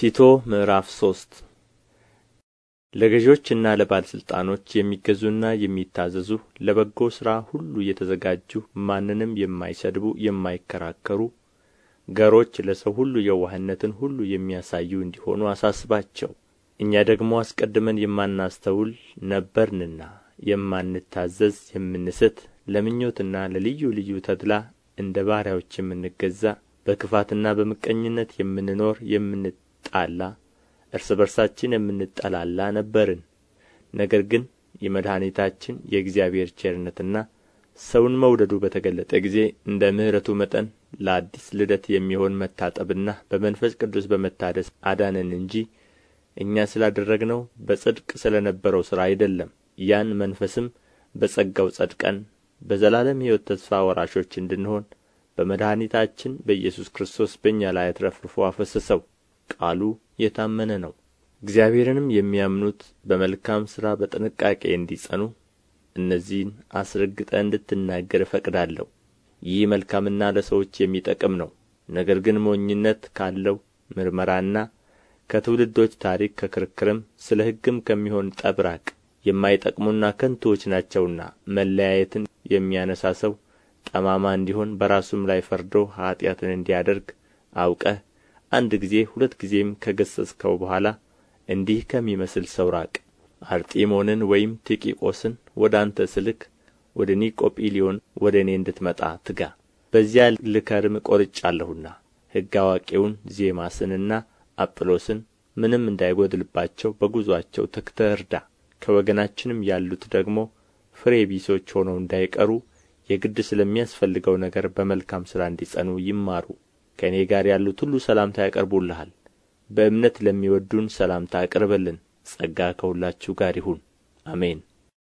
ቲቶ ምዕራፍ ሶስት ለገዦችና ለባለሥልጣኖች የሚገዙና የሚታዘዙ ለበጎ ሥራ ሁሉ የተዘጋጁ ማንንም የማይሰድቡ የማይከራከሩ ገሮች ለሰው ሁሉ የዋህነትን ሁሉ የሚያሳዩ እንዲሆኑ አሳስባቸው እኛ ደግሞ አስቀድመን የማናስተውል ነበርንና የማንታዘዝ የምንስት ለምኞትና ለልዩ ልዩ ተድላ እንደ ባሪያዎች የምንገዛ በክፋትና በምቀኝነት የምንኖር የምንት ጣላ እርስ በርሳችን የምንጠላላ ነበርን ነገር ግን የመድኃኒታችን የእግዚአብሔር ቸርነትና ሰውን መውደዱ በተገለጠ ጊዜ እንደ ምሕረቱ መጠን ለአዲስ ልደት የሚሆን መታጠብና በመንፈስ ቅዱስ በመታደስ አዳነን እንጂ እኛ ስላደረግነው በጽድቅ ስለ ነበረው ሥራ አይደለም። ያን መንፈስም በጸጋው ጸድቀን በዘላለም ሕይወት ተስፋ ወራሾች እንድንሆን በመድኃኒታችን በኢየሱስ ክርስቶስ በእኛ ላይ አትረፍርፎ አፈሰሰው። ቃሉ የታመነ ነው እግዚአብሔርንም የሚያምኑት በመልካም ሥራ በጥንቃቄ እንዲጸኑ እነዚህን አስረግጠ እንድትናገር እፈቅዳለሁ ይህ መልካምና ለሰዎች የሚጠቅም ነው ነገር ግን ሞኝነት ካለው ምርመራና ከትውልዶች ታሪክ ከክርክርም ስለ ሕግም ከሚሆን ጠብ ራቅ የማይጠቅሙና ከንቱዎች ናቸውና መለያየትን የሚያነሳ ሰው ጠማማ እንዲሆን በራሱም ላይ ፈርዶ ኀጢአትን እንዲያደርግ አውቀህ አንድ ጊዜ ሁለት ጊዜም ከገሰጽከው በኋላ እንዲህ ከሚመስል ሰው ራቅ አርጢሞንን ወይም ቲቂቆስን ወደ አንተ ስልክ ወደ ኒቆጵልዮን ወደ እኔ እንድትመጣ ትጋ በዚያ ልከርም ቆርጫለሁና ሕግ አዋቂውን ዜማስንና አጵሎስን ምንም እንዳይጎድልባቸው በጉዞአቸው ተግተህ እርዳ ከወገናችንም ያሉት ደግሞ ፍሬ ቢሶች ሆነው እንዳይቀሩ የግድ ስለሚያስፈልገው ነገር በመልካም ሥራ እንዲጸኑ ይማሩ ከእኔ ጋር ያሉት ሁሉ ሰላምታ ያቀርቡልሃል በእምነት ለሚወዱን ሰላምታ አቅርብልን ጸጋ ከሁላችሁ ጋር ይሁን አሜን